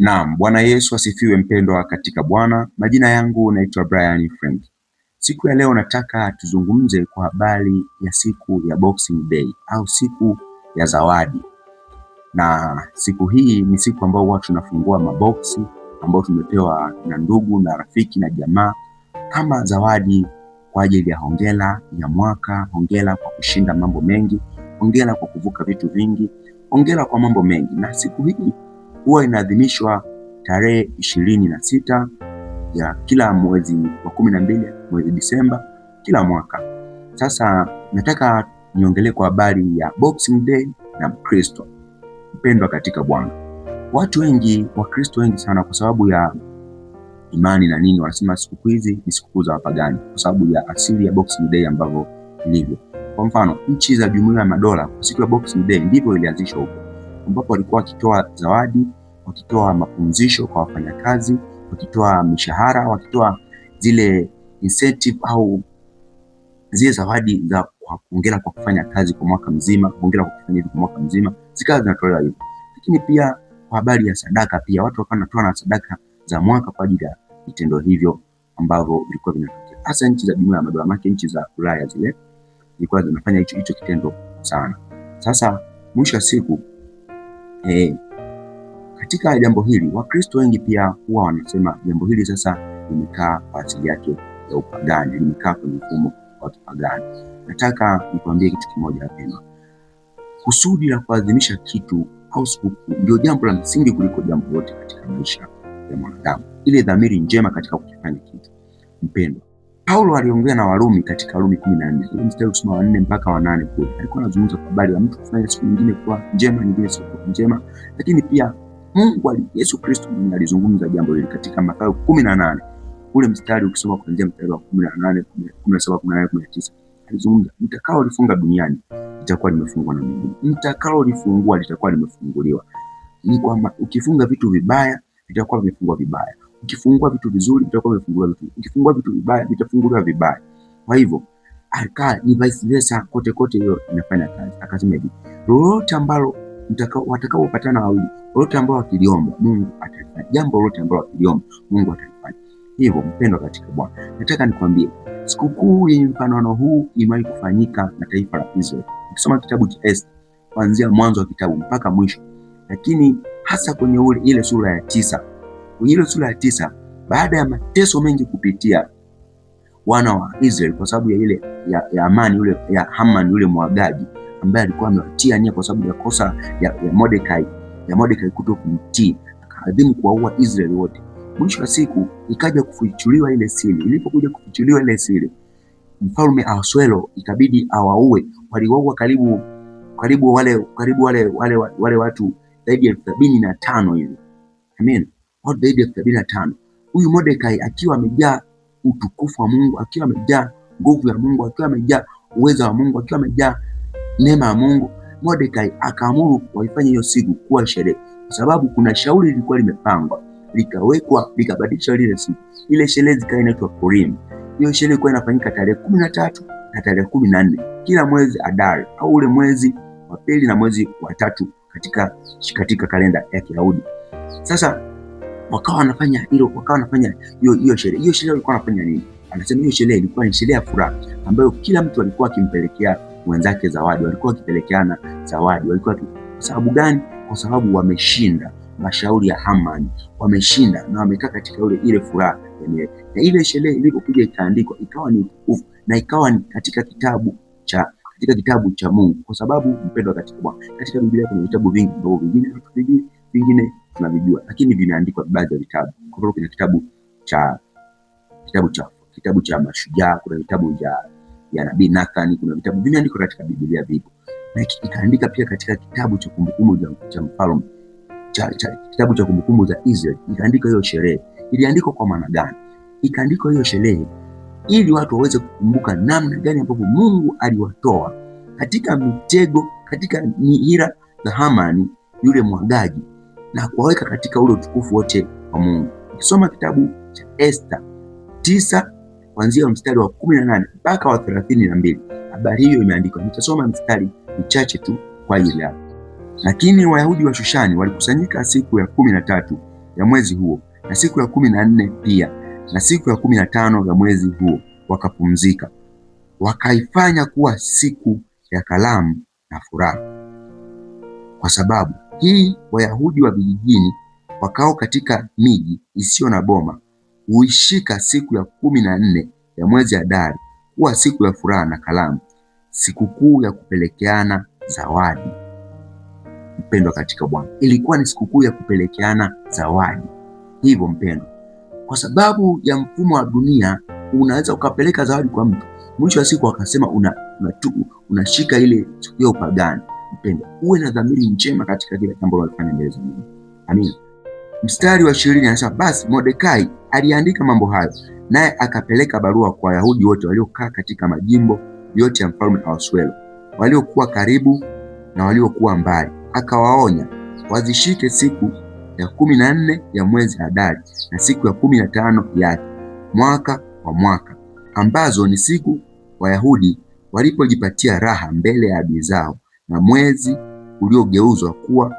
Naam, Bwana Yesu asifiwe mpendwa katika Bwana. Majina yangu naitwa Brian Frank. Siku ya leo nataka tuzungumze kwa habari ya siku ya Boxing Day au siku ya zawadi. Na siku hii ni siku ambayo huwa tunafungua maboksi ambayo tumepewa na ndugu na rafiki na jamaa kama zawadi kwa ajili ya hongera ya mwaka, hongera kwa kushinda mambo mengi, hongera kwa kuvuka vitu vingi, hongera kwa mambo mengi. Na siku hii huwa inaadhimishwa tarehe ishirini na sita ya kila mwezi wa kumi na mbili mwezi Disemba kila mwaka. Sasa nataka niongelee kwa habari ya Boxing Day na Mkristo mpendwa katika Bwana. Watu wengi, Wakristo wengi sana, kwa sababu ya imani na nini, wanasema sikukuu hizi ni sikukuu za wapagani, kwa sababu ya asili ya Boxing Day ambavyo ilivyo. Kwa mfano nchi za Jumuiya ya Madola, siku ya Boxing Day ndivyo ilianzishwa huko ambapo walikuwa wakitoa zawadi, wakitoa mapumzisho kwa wafanyakazi, wakitoa mishahara, wakitoa zile incentive au zile zawadi za hongera kwa kufanya kazi kwa mwaka mzima, hongera kwa kufanya hivi kwa mwaka mzima, zikawa zinatolewa hivyo. Lakini pia kwa habari ya sadaka, pia watu wakawa wanatoa na sadaka za mwaka kwa ajili ya vitendo hivyo ambavyo vilikuwa vinatokea hasa nchi za jumuiya ya madola make, nchi za Ulaya zile zilikuwa zinafanya hicho hicho kitendo sana. Sasa mwisho wa siku eh, katika jambo hili Wakristo wengi pia huwa wanasema jambo hili sasa limekaa kwa asili yake ya upagani, limekaa kwenye mfumo wa kipagani. Nataka nikwambie kitu kimoja wapendwa, kusudi la kuadhimisha kitu au sikukuu ndio jambo la msingi kuliko jambo lote katika maisha ya mwanadamu, ile dhamiri njema katika kukifanya kitu. Mpendwa, Paulo aliongea na Warumi katika Warumi 14, mstari usoma wa 4 mpaka wa 8 kule. Alikuwa anazungumza kwa habari ya mtu kufanya siku nyingine kuwa njema, nyingine sio njema, lakini pia Mungu ali, Yesu Kristo mwenyewe alizungumza jambo hili katika Mathayo 18. Ule mstari ukisoma kuanzia mstari wa 18, 17, 18, 19. Alizungumza, mtakao lifunga duniani litakuwa limefungwa na Mungu. Mtakao lifungua litakuwa limefunguliwa. Ni kwamba ukifunga vitu vibaya vitakuwa vimefungwa vibaya. Ukifungua vitu vizuri vitakuwa vimefungua vizuri, ukifungua vitu vibaya vitafunguliwa vibaya. Kwa hivyo aka ni vice versa, kote kote hiyo inafanya kazi. Akasema hivi, lolote ambalo watakaopatana wawili, lolote ambalo wakiliomba Mungu atalifanya, jambo lolote ambalo wakiliomba Mungu atalifanya. Hivyo mpendwa katika Bwana, nataka nikwambie sikukuu yenye mfanano huu imewahi kufanyika na taifa la Israeli. Ukisoma kitabu cha Esta kuanzia mwanzo wa kitabu mpaka mwisho, lakini hasa kwenye ule ile sura ya tisa kwenye ile sura ya tisa, baada ya mateso mengi kupitia wana wa Israeli kwa sababu ya ile ya, ya amani yule ya Haman yule mwagaji ambaye alikuwa amewatia nia kwa sababu ya kosa ya, ya Mordekai ya Mordekai kuto kumtii, akaadhimu kuwaua Israeli wote. Mwisho wa siku ikaja kufichuliwa ile siri. Ilipokuja kufichuliwa ile siri, mfalme Ahasuero ikabidi awaue. Waliwaua karibu karibu wale karibu wale wale wale watu zaidi ya elfu sabini na tano hivi. Amen watu zaidi ya elfu sabini na tano. Huyu Mordekai akiwa amejaa utukufu wa Mungu, akiwa amejaa nguvu ya Mungu, akiwa amejaa uwezo wa Mungu, akiwa amejaa neema ya Mungu, Mordekai akaamuru waifanye hiyo siku kuwa sherehe, kwa sababu kuna shauri lilikuwa limepangwa likawekwa likabadilishwa lile siku, ile sherehe zikawa inaitwa Purim. Hiyo sherehe ilikuwa inafanyika tarehe kumi na tatu na tarehe kumi na nne kila mwezi Adar, au ule mwezi wa pili na mwezi wa tatu katika, katika kalenda ya Kiyahudi. Sasa wakawa wanafanya hilo, wakawa wanafanya hiyo hiyo sherehe. Hiyo sherehe walikuwa wanafanya nini? Anasema hiyo sherehe ilikuwa ni sherehe ya furaha ambayo kila mtu alikuwa akimpelekea mwenzake zawadi, walikuwa wakipelekeana zawadi, walikuwa kwa sababu gani? Kwa sababu wameshinda mashauri ya Haman, wameshinda na wamekaa katika ule ile furaha yenyewe. Na ile sherehe ilipokuja ikaandikwa, ikawa ni utukufu na ikawa ni katika kitabu cha katika kitabu cha Mungu, kwa sababu mpendwa, katika katika Biblia kuna vitabu vingi ambavyo vingine vingine tunavijua, lakini vimeandikwa baadhi ya vitabu. Kwa mfano, kuna kitabu cha kitabu cha kitabu cha mashujaa, kuna vitabu vya ya Nabii Nathan, kuna vitabu vimeandikwa katika Biblia vipo, na ikaandika pia katika kitabu cha kumbukumbu cha mfalme cha, cha, kitabu cha kumbukumbu za Israeli ikaandika hiyo sherehe. Iliandikwa kwa maana gani? Ikaandikwa hiyo sherehe ili watu waweze kukumbuka namna gani ambavyo Mungu aliwatoa katika mitego, katika mihira za Hamani yule mwagaji na kuwaweka katika ule utukufu wote wa Mungu. Ukisoma kitabu cha Esther tisa kuanzia mstari wa kumi na nane mpaka wa thelathini na mbili habari hiyo imeandikwa. Nitasoma mstari mchache tu kwa ajili yako. Lakini Wayahudi wa Shushani walikusanyika siku ya kumi na tatu ya mwezi huo na siku ya kumi na nne pia na siku ya kumi na tano ya mwezi huo wakapumzika, wakaifanya kuwa siku ya kalamu na furaha, kwa sababu hii Wayahudi wa vijijini wakao katika miji isiyo na boma huishika siku ya kumi na nne ya mwezi Adari kuwa siku ya furaha na karamu, sikukuu ya kupelekeana zawadi. Mpendwa katika Bwana, ilikuwa ni sikukuu ya kupelekeana zawadi. Hivyo mpendwa, kwa sababu ya mfumo wa dunia unaweza ukapeleka zawadi kwa mtu, mwisho wa siku akasema unashika una, una ile siku ya upagani mpendwa, uwe na dhamiri njema katika kila jambo unalofanya mbele za Mungu. Amina. Mstari wa ishirini anasema basi Mordekai aliandika mambo hayo, naye akapeleka barua kwa Wayahudi wote waliokaa katika majimbo yote ya mfalme Ahasuero, waliokuwa karibu na waliokuwa mbali, akawaonya wazishike siku ya kumi na nne ya mwezi Adari na siku ya kumi na tano yake mwaka kwa mwaka, ambazo ni siku Wayahudi walipojipatia raha mbele ya adui zao na mwezi uliogeuzwa kuwa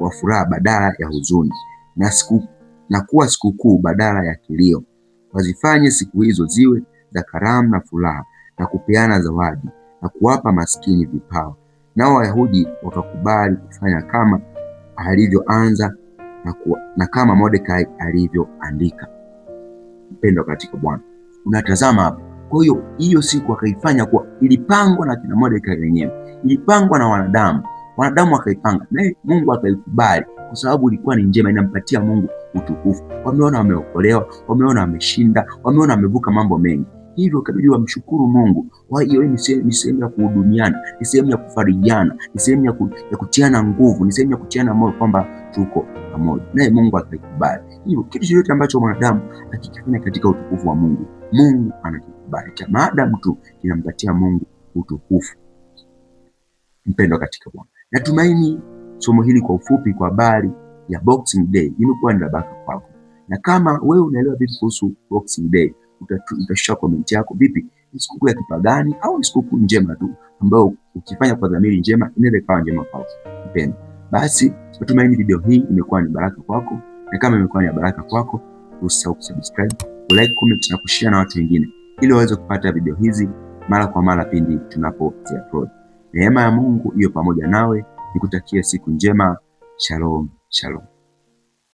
wa furaha badala ya huzuni, na siku na kuwa sikukuu badala ya kilio. Wazifanye siku hizo ziwe za karamu na furaha, na kupeana zawadi na kuwapa maskini vipawa. Nao Wayahudi wakakubali kufanya kama alivyoanza na, na kama Mordekai alivyoandika. mpendwa katika Bwana, unatazama hapa kwa hiyo hiyo siku akaifanya kuwa ilipangwa na kina Mordekai wenyewe, ilipangwa na wanadamu, wanadamu akaipanga naye Mungu akaikubali kwa sababu ilikuwa ni njema, inampatia Mungu utukufu. Wameona wameokolewa, wameona wameshinda, wameona wamevuka mambo mengi, hivyo kabidi wamshukuru Mungu. Kwa hiyo ni sehemu ya kuhudumiana, ni sehemu ya kufarijiana, ni sehemu ya kutiana nguvu, ni sehemu ya kutiana moyo kwamba tuko pamoja, naye Mungu akaikubali hiyo kitu chochote ambacho mwanadamu akikifanya katika utukufu wa Mungu, Mungu anakikubariki maadamu tu kinampatia Mungu utukufu. Mpendwa katika Bwana, natumaini somo hili kwa ufupi kwa habari ya Boxing Day imekuwa ni baraka kwako, na kama wewe unaelewa vipi kuhusu Boxing Day, utashusha komenti yako. Vipi, ni sikukuu ya kipagani au ni sikukuu njema tu ambayo ukifanya kwa dhamiri njema inaweza ikawa njema kwako? Mpendwa, basi natumaini video hii imekuwa ni baraka kwako. kwa na kama imekuwa ni baraka kwako, usisahau kusubscribe, kulike, comment na kushare na watu wengine ili waweze kupata video hizi mara kwa mara pindi tunapo upload. Neema ya Mungu hiyo pamoja nawe, nikutakie siku njema. Shalom, shalom.